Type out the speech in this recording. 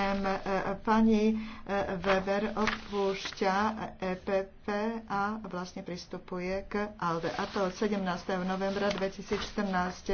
E, pani e, Weber odpúšťa EPP a vlastne pristupuje k ALDE. A to od 17. novembra 2014.